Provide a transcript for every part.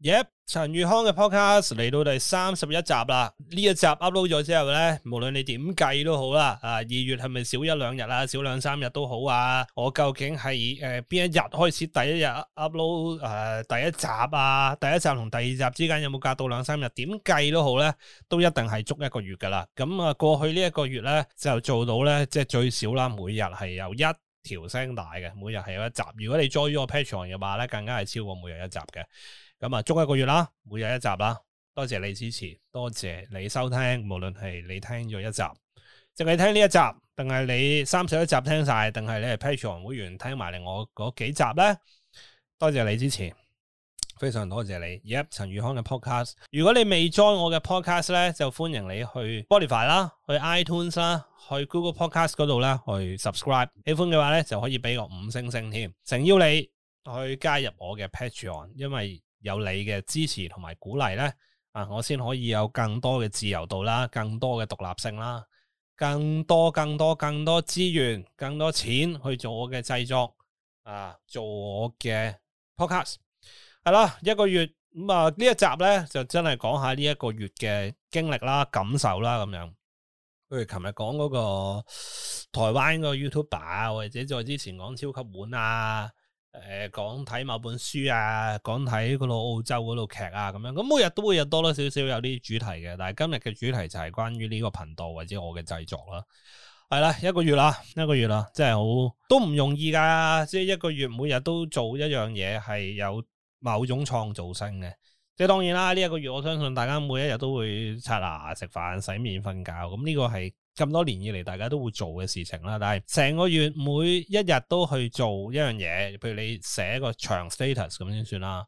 耶！陳宇康嘅 podcast 嚟到第三十一集啦。呢一集 upload 咗之後咧，無論你點計都好啦。啊，二月係咪少一兩日啊？少兩三日都好啊。我究竟係誒邊一日開始第一日 upload 誒、呃、第一集啊？第一集同第二集之間有冇隔到兩三日？點計都好咧，都一定係足一個月噶啦。咁啊，過去呢一個月咧就做到咧，即係最少啦，每日係有一。條聲大嘅，每日係有一集。如果你 join 咗我 Patreon 嘅話咧，更加係超過每日一集嘅。咁啊，足一個月啦，每日一集啦。多謝你支持，多謝你收聽。無論係你聽咗一集，淨係聽呢一集，定係你三十一集聽晒，定係你 Patreon 會員聽埋另外嗰幾集咧？多謝你支持。非常多謝你！Yep, 陳宇康嘅 podcast，如果你未 join 我嘅 podcast 咧，就歡迎你去 Spotify 啦，去 iTunes 啦，去 Google Podcast 嗰度咧，去 subscribe。喜歡嘅話咧，就可以俾個五星星添。誠邀你去加入我嘅 Patreon，因為有你嘅支持同埋鼓勵咧，啊，我先可以有更多嘅自由度啦，更多嘅獨立性啦、更多、更多、更多資源、更多錢去做我嘅製作啊，做我嘅 podcast。係啦，一個月咁啊，呢、嗯、一集咧就真係講下呢一個月嘅經歷啦、感受啦咁樣。譬如琴日講嗰、那個台灣個 YouTuber 啊，或者再之前講超級碗啊，誒、呃，講睇某本書啊，講睇嗰度澳洲嗰度劇啊，咁樣。咁每日都會有多多少少有啲主題嘅，但係今日嘅主題就係關於呢個頻道或者我嘅製作啦。係、嗯、啦，一個月啦，一個月啦，真係好都唔容易㗎，即係一個月每日都做一樣嘢係有。某種創造性嘅，即係當然啦。呢、這、一個月，我相信大家每一日都會刷牙、食飯、洗面、瞓覺。咁、這、呢個係咁多年以嚟大家都會做嘅事情啦。但係成個月每一日都去做一樣嘢，譬如你寫個長 status 咁先算啦，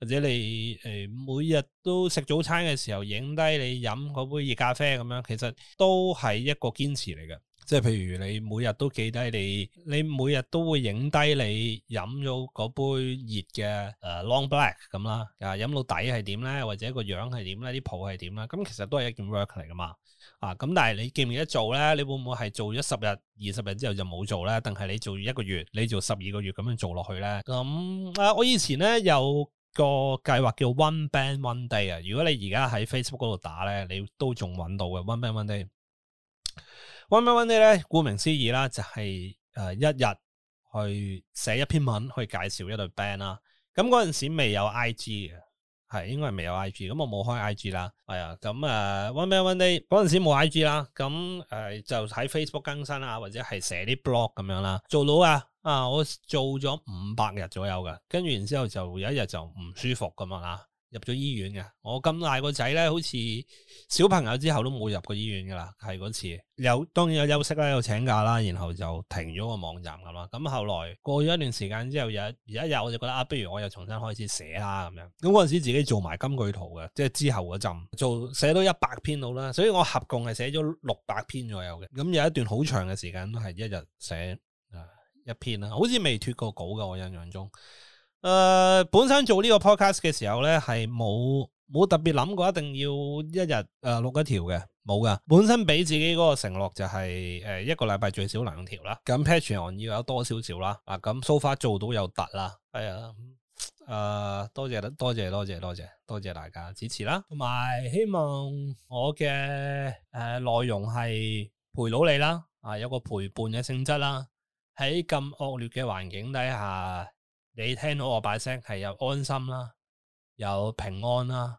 或者你誒、呃、每日都食早餐嘅時候影低你飲嗰杯熱咖啡咁樣，其實都係一個堅持嚟嘅。即係譬如你每日都記低你，你每日都會影低你飲咗嗰杯熱嘅、呃、long black 咁啦，啊、呃、飲到底係點咧，或者個樣係點咧，啲泡係點啦，咁、嗯、其實都係一件 work 嚟噶嘛，啊咁但係你記唔記得做咧？你會唔會係做咗十日、二十日之後就冇做咧？定係你做一個月，你做十二個月咁樣做落去咧？咁、嗯、啊、呃，我以前咧有個計劃叫 One Band One Day 啊，如果你而家喺 Facebook 嗰度打咧，你都仲揾到嘅 One Band One Day。One by One Day 咧，顧名思義啦，就係、是、誒一日去寫一篇文，去介紹一對 band 啦。咁嗰陣時未有 I G 嘅，係應該係未有 I G，咁我冇開 I G 啦。係、哎、啊、咁、uh, One by One Day 嗰陣時冇 I G 啦，咁誒、uh, 就喺 Facebook 更新啊，或者係寫啲 blog 咁樣啦，做到啊啊，我做咗五百日左右嘅，跟住然之後就有一日就唔舒服咁樣啦。入咗醫院嘅，我咁大個仔咧，好似小朋友之後都冇入過醫院噶啦，係嗰次有，當然有休息啦，有請假啦，然後就停咗個網站咁啦。咁後來過咗一段時間之後，有有一,一日我就覺得啊，不如我又重新開始寫啦咁樣。咁嗰陣時自己做埋金句圖嘅，即係之後嗰陣做寫到一百篇到啦，所以我合共係寫咗六百篇左右嘅。咁有一段好長嘅時間都係一日寫一篇啦，好似未脫過稿嘅，我印象中。誒、呃，本身做呢個 podcast 嘅時候咧，係冇冇特別諗過一定要一日誒錄一條嘅，冇噶。本身俾自己嗰個承諾就係、是、誒、呃、一個禮拜最少兩條啦。咁 Patreon 要有多少少啦？啊，咁 so far 做到有突啦，係、哎、啊。誒、呃，多謝多謝多謝多謝多謝大家支持啦。同埋希望我嘅誒內容係陪到你啦，啊，有個陪伴嘅性質啦。喺咁惡劣嘅環境底下，你聽到我把聲係有安心啦，有平安啦，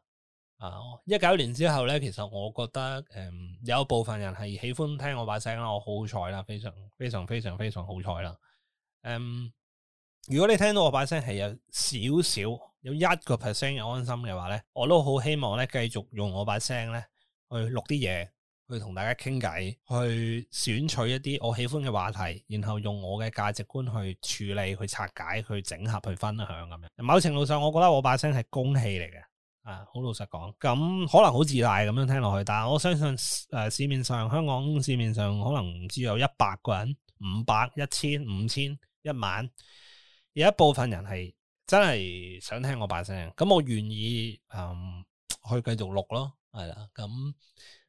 啊！一九年之後咧，其實我覺得，誒、嗯，有一部分人係喜歡聽我把聲啦，我好彩啦，非常非常非常非常好彩啦。嗯，如果你聽到我把聲係有少少有一個 percent 嘅安心嘅話咧，我都好希望咧繼續用我把聲咧去錄啲嘢，去同大家傾偈，去選取一啲我喜歡嘅話題，然後用我嘅價值觀去處理、去拆解、去整合、去分享咁樣。某程度上，我覺得我把聲係公器嚟嘅，啊，好老實講，咁可能好自大咁樣聽落去，但係我相信誒、呃，市面上香港市面上可能只有一百個人、五百、一千、五千、一萬，有一部分人係真係想聽我把聲，咁我願意、呃、去繼續錄咯，係啦，咁。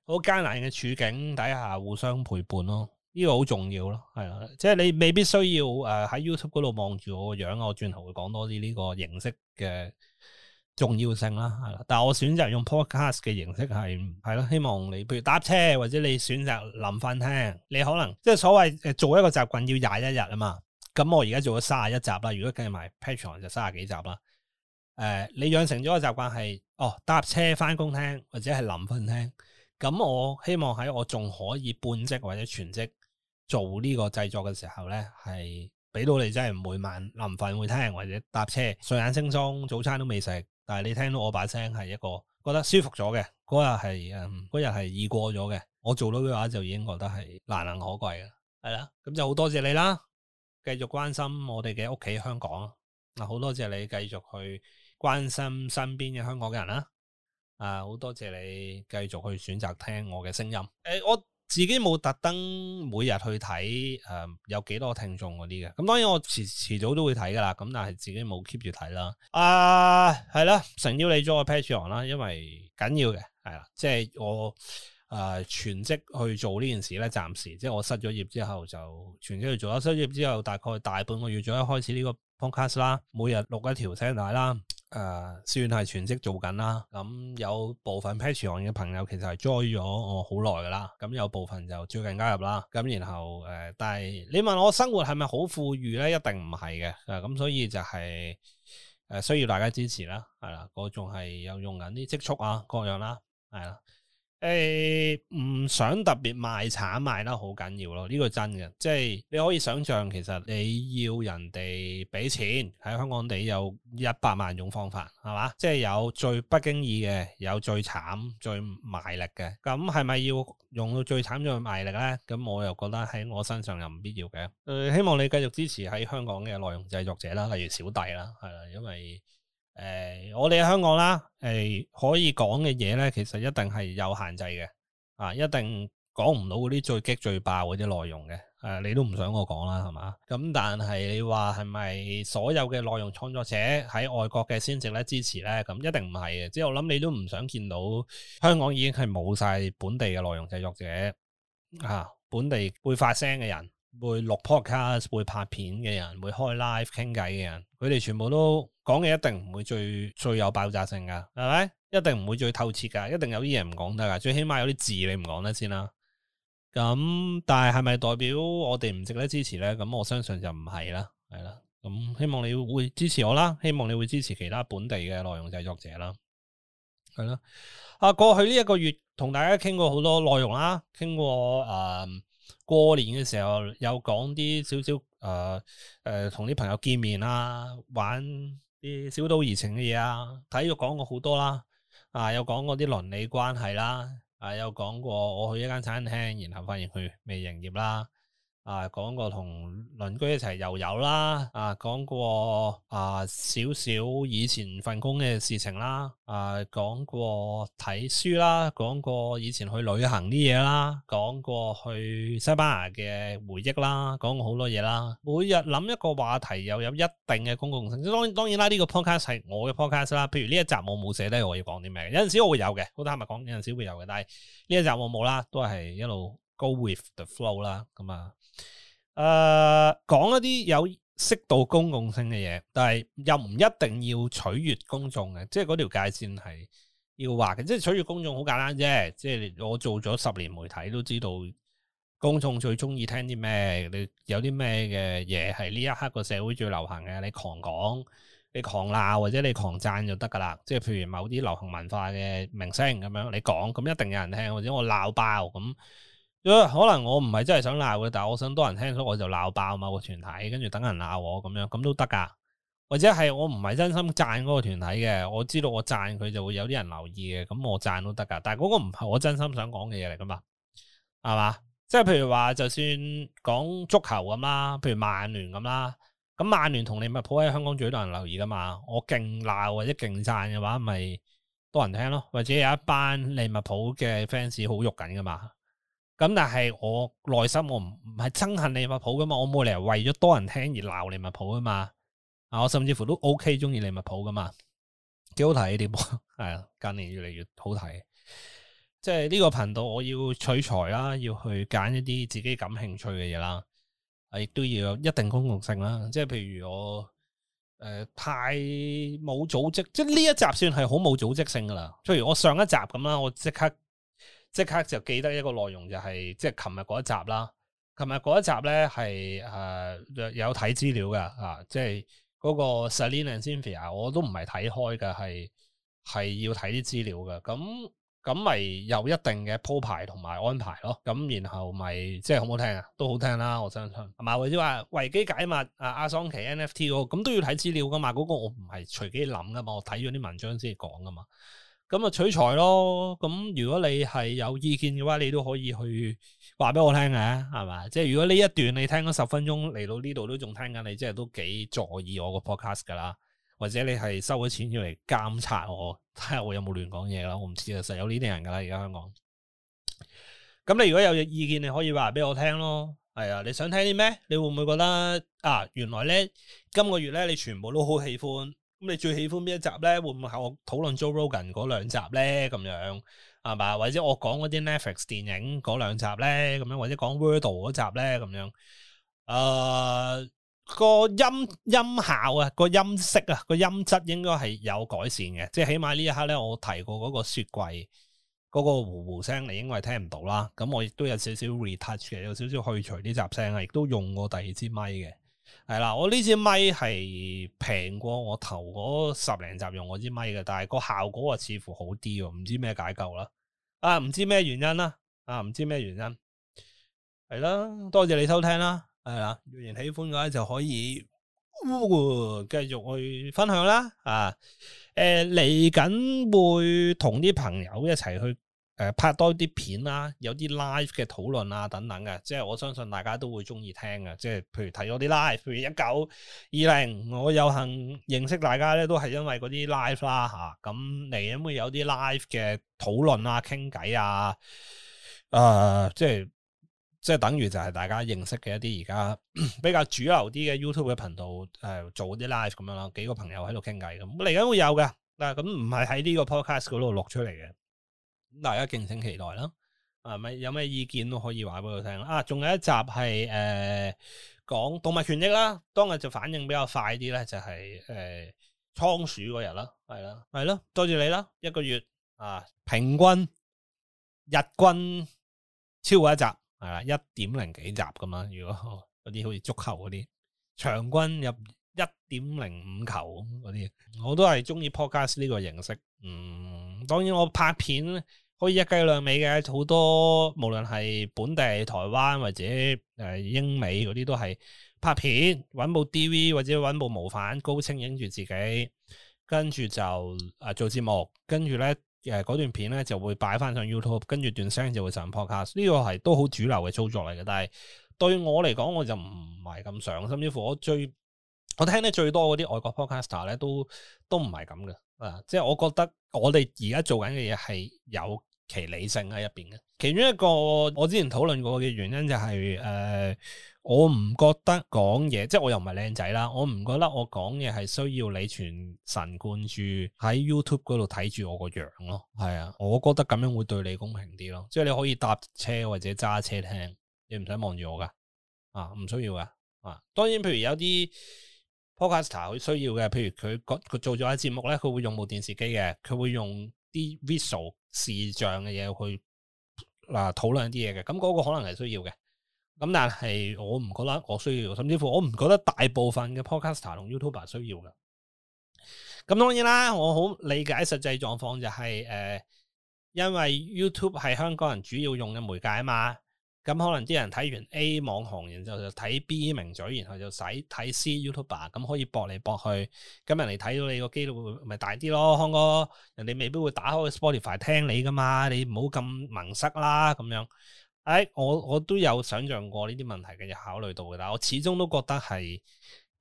好艱難嘅處境底下互相陪伴咯，呢、這個好重要咯，係啦，即係你未必需要誒喺、呃、YouTube 嗰度望住我個樣，我轉頭會講多啲呢個形式嘅重要性啦。但係我選擇用 Podcast 嘅形式係，係啦，希望你譬如搭車或者你選擇臨瞓聽，你可能即係所謂誒做一個習慣要廿一日啊嘛，咁我而家做咗三十一集啦，如果計埋 Patreon 就三十幾集啦。誒、呃，你養成咗個習慣係哦搭車翻工聽或者係臨瞓聽。咁我希望喺我仲可以半職或者全職做呢個製作嘅時候呢，係俾到你真係每晚臨瞓會聽，或者搭車睡眼惺忪，早餐都未食，但係你聽到我把聲係一個覺得舒服咗嘅，嗰日係嗯嗰日係易過咗嘅，我做到嘅話就已經覺得係難能可貴㗎。係啦，咁就好多謝你啦，繼續關心我哋嘅屋企香港。好多謝你繼續去關心身邊嘅香港嘅人啦。啊！好多謝你繼續去選擇聽我嘅聲音。誒、哎，我自己冇特登每日去睇誒、呃，有幾多聽眾嗰啲嘅。咁、嗯、當然我遲遲早都會睇噶啦。咁但係自己冇 keep 住睇啦。啊，係啦，誠邀你做我 patron 啦，因為緊要嘅係啦。即係、就是、我誒、呃、全職去做呢件事咧，暫時即係、就是、我失咗業之後就全職去做咗失業之後大概大半個月左右開始呢個 podcast 啦，每日錄一條聲帶啦。誒、呃，算係全職做緊啦，咁有部分 Patreon 嘅朋友其實係 join 咗我好耐噶啦，咁有部分就最近加入啦，咁然後誒、呃，但係你問我生活係咪好富裕咧，一定唔係嘅，咁所以就係、是、誒、呃、需要大家支持啦，係啦，我仲係有用緊啲積蓄啊各樣啦，係啦。誒、欸，唔想特別賣慘賣得好緊要咯，呢個真嘅，即係你可以想象，其實你要人哋俾錢喺香港地有一百萬種方法，係嘛？即係有最不經意嘅，有最慘最賣力嘅。咁係咪要用到最慘最賣力咧？咁我又覺得喺我身上又唔必要嘅。誒、呃，希望你繼續支持喺香港嘅內容製作者啦，例如小弟啦，係啦，因為。誒、哎，我哋喺香港啦，誒、哎，可以講嘅嘢咧，其實一定係有限制嘅，啊，一定講唔到嗰啲最激最爆嗰啲內容嘅，誒、啊，你都唔想我講啦，係嘛？咁但係你話係咪所有嘅內容創作者喺外國嘅先值咧支持咧？咁一定唔係嘅，即係我諗你都唔想見到香港已經係冇晒本地嘅內容製作者啊，本地會發聲嘅人。會錄 podcast、會拍片嘅人，會開 live 傾偈嘅人，佢哋全部都講嘢一定唔會最最有爆炸性噶，係咪？一定唔會最透徹噶，一定有啲嘢唔講得噶，最起碼有啲字你唔講得先啦。咁但係係咪代表我哋唔值得支持咧？咁我相信就唔係啦，係啦。咁希望你會支持我啦，希望你會支持其他本地嘅內容製作者啦，係啦。啊，過去呢一個月同大家傾過好多內容啦、啊，傾過誒。嗯過年的時候有講啲少少誒呃同啲、呃、朋友見面啊，玩啲小賭怡情嘅嘢啊，體育講過好多啦，啊，有講過啲倫理關係啦，啊，有講過我去一間餐廳，然後發現佢未營業啦。啊，講過同鄰居一齊遊遊啦，啊，講過啊少少以前份工嘅事情啦，啊，講過睇書啦，講過以前去旅行啲嘢啦，講過去西班牙嘅回憶啦，講過好多嘢啦。每日諗一個話題，又有一定嘅公共性。當然當然啦，呢個 podcast 係我嘅 podcast 啦。譬如呢一集我冇寫低，我要講啲咩？有陣時我會有嘅，好坦白講，有陣時會有嘅。但係呢一集我冇啦，都係一路。Go with the flow 啦，咁、呃、啊，誒，講一啲有適度公共性嘅嘢，但係又唔一定要取悅公眾嘅，即係嗰條界線係要劃嘅。即係取悅公眾好簡單啫，即係我做咗十年媒體都知道公眾最中意聽啲咩，你有啲咩嘅嘢係呢一刻個社會最流行嘅，你狂講，你狂鬧或者你狂讚就得噶啦。即係譬如某啲流行文化嘅明星咁樣，你講咁一定有人聽，或者我鬧爆咁。可能我唔係真係想鬧嘅，但係我想多人聽，所以我就鬧爆某個團體，跟住等人鬧我咁樣，咁都得噶。或者係我唔係真心讚嗰個團體嘅，我知道我讚佢就會有啲人留意嘅，咁我讚都得噶。但係嗰個唔係我真心想講嘅嘢嚟噶嘛，係咪？即係譬如話，就算講足球咁啦，譬如曼聯咁啦，咁曼聯同利物浦喺香港最多人留意噶嘛。我勁鬧或者勁讚嘅話，咪多人聽咯。或者有一班利物浦嘅 fans 好肉緊噶嘛。咁但係我內心我唔唔係憎恨利物浦噶嘛，我冇理由為咗多人聽而鬧利物浦啊嘛，啊我甚至乎都 O K 中意利物浦噶嘛，幾好睇呢啲波，係啊，近年越嚟越好睇，即係呢個頻道我要取材啦，要去揀一啲自己感興趣嘅嘢啦，啊亦都要有一定公共性啦，即係譬如我誒、呃、太冇組織，即係呢一集算係好冇組織性噶啦，譬如我上一集咁啦，我即刻。即刻就記得一個內容、就是，就係即係琴日嗰一集啦。琴日嗰一集咧，係、呃、誒有睇資料嘅啊，即係嗰個 Selene and Cynthia，我都唔係睇開嘅，係係要睇啲資料嘅。咁咁咪有一定嘅鋪排同埋安排咯。咁然後咪即係好唔好聽啊？都好聽啦、啊，我相信係嘛？或者話維基解密啊，阿桑奇 NFT 嗰，咁都要睇資料噶嘛？嗰、嗰個我唔係隨機諗噶嘛，我睇咗啲文章先講噶嘛。咁就取材咯。咁如果你係有意見嘅話，你都可以去話俾我聽嘅，係嘛？即係如果呢一段你聽咗十分鐘嚟到呢度都仲聽緊，你即係都幾在意我個 podcast 噶啦。或者你係收咗錢要嚟監察我，睇下我有冇亂講嘢噶啦。我唔知啊，實有呢啲人噶啦，而家香港。咁你如果有意見，你可以話俾我聽咯。係啊，你想聽啲咩？你會唔會覺得啊？原來咧今個月咧，你全部都好喜歡。咁你最喜歡邊一集咧？會唔會係我討論 Joe Rogan 嗰兩集咧？咁樣係嘛？或者我講嗰啲 Netflix 電影嗰兩集咧？咁樣或者講 Wordle 嗰集咧？咁樣，誒、呃個音音效啊，個音色啊，個音質應該係有改善嘅。即係起碼呢一刻咧，我提過嗰個雪櫃嗰個糊糊聲，你應該係聽唔到啦。咁我亦都有少少 retouch 嘅，有少少去除啲雜聲啊，亦都用過第二支咪嘅。係啦，我呢支咪係平過我頭嗰十零集用我支咪嘅，但係個效果啊，似乎好啲，唔知咩解救啦，啊唔知咩原因啦，啊唔知咩原因，係啦，多謝你收聽啦，係啦，若然喜歡嘅話就可以呃，繼續去分享啦，啊，誒嚟緊會同啲朋友一齊去。誒、呃，拍多啲片啦、啊，有啲 live 嘅討論啊，等等嘅，即係我相信大家都會中意聽嘅。即係譬如睇多啲 live，譬如一九二零，我有幸認識大家咧，都係因為嗰啲 live 啦吓，咁嚟緊會有啲 live 嘅討論啊，傾偈啊，誒、啊啊，即係即係等於就係大家認識嘅一啲而家比較主流啲嘅 YouTube 嘅頻道，誒、呃，做啲 live 咁樣啦，幾個朋友喺度傾偈咁，嚟緊會有嘅。嗱，咁唔係喺呢個 podcast 嗰度錄出嚟嘅。大家敬請期待啦！啊，咪有咩意見都可以話俾我聽啊，仲有一集係誒、呃、講動物權益啦。當日就反應比較快啲咧，就係、是、誒、呃、倉鼠嗰日啦，係啦，係咯，多謝你啦。一個月啊，平均日均超過一集係啦，一點零幾集咁樣。如果嗰啲好似足球嗰啲，場均入一點零五球嗰啲，我都係中意 Podcast 呢個形式。嗯，當然我拍片。可以一雞兩味嘅，好多無論係本地、台灣或者、呃、英美嗰啲都係拍片，揾部 DV 或者揾部模範高清影住自己，跟住就、呃、做節目，跟住咧誒嗰段片咧就會擺翻上 YouTube，跟住段聲就會上 Podcast，呢個係都好主流嘅操作嚟嘅。但係對我嚟講，我就唔係咁上心，因為我最。我聽得最多嗰啲外國 podcaster 咧，都都唔係咁嘅啊！即係我覺得我哋而家做緊嘅嘢係有其理性喺入邊嘅。其中一個我之前討論過嘅原因就係誒，我唔覺得講嘢，即係我又唔係靚仔啦，我唔覺得我講嘢係需要你全神貫注喺 YouTube 嗰度睇住我個樣咯。係啊，我覺得咁樣會對你公平啲咯。即係你可以搭車或者揸車聽，你唔使望住我噶啊，唔需要噶啊。當然，譬如有啲。Podcaster 佢需要嘅，譬如佢佢做咗一節目咧，佢會用部電視機嘅，佢會用啲 visual 視像嘅嘢去嗱討論啲嘢嘅，咁嗰個可能係需要嘅。咁但係我唔覺得我需要，甚至乎我唔覺得大部分嘅 Podcaster 同 YouTuber 需要嘅。咁當然啦，我好理解實際狀況就係、是、誒、呃，因為 YouTube 係香港人主要用嘅媒介啊嘛。咁可能啲人睇完 A 網紅，然後就睇 B 名嘴，然後就使睇 C YouTuber 啊，咁可以博嚟博去。咁人哋睇到你個機率會唔會大啲囉？康哥。人哋未必會打開 Spotify 聽你㗎嘛，你唔好咁盲塞啦咁樣。誒、哎，我都有想象過呢啲問題嘅，有考慮到嘅，但我始終都覺得係。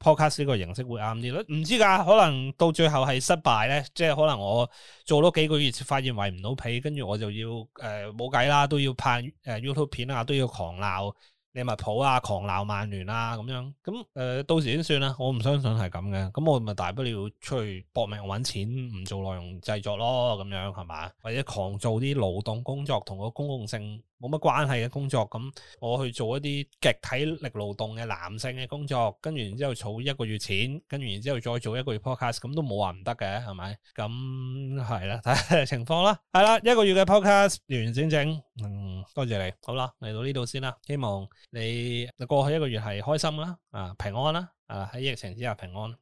Podcast 呢個形式會啱啲咯，唔知㗎，可能到最後係失敗咧，即係可能我做咗幾個月，發現維唔到皮。跟住我就要呃冇計啦，都要拍 YouTube 片啊，都要狂鬧利物浦啊，狂鬧曼聯啊咁樣，咁、嗯呃、到時先算啦，我唔相信係咁嘅，咁我咪大不了出去搏命揾錢，唔做內容製作咯，咁樣係嘛？或者狂做啲勞動工作，同個公共性冇乜關係嘅工作，咁我去做一啲極體力勞動嘅男性嘅工作，跟住然之後儲一個月錢，跟住然之後再做一個月 Podcast，咁都冇話唔得嘅，係咪？咁係啦，睇下情況啦，係啦，一個月嘅 Podcast 完完整整，嗯，多謝你，好啦，嚟到呢度先啦，希望你過去一個月係開心啦，啊，平安啦，啊，喺疫情之下平安。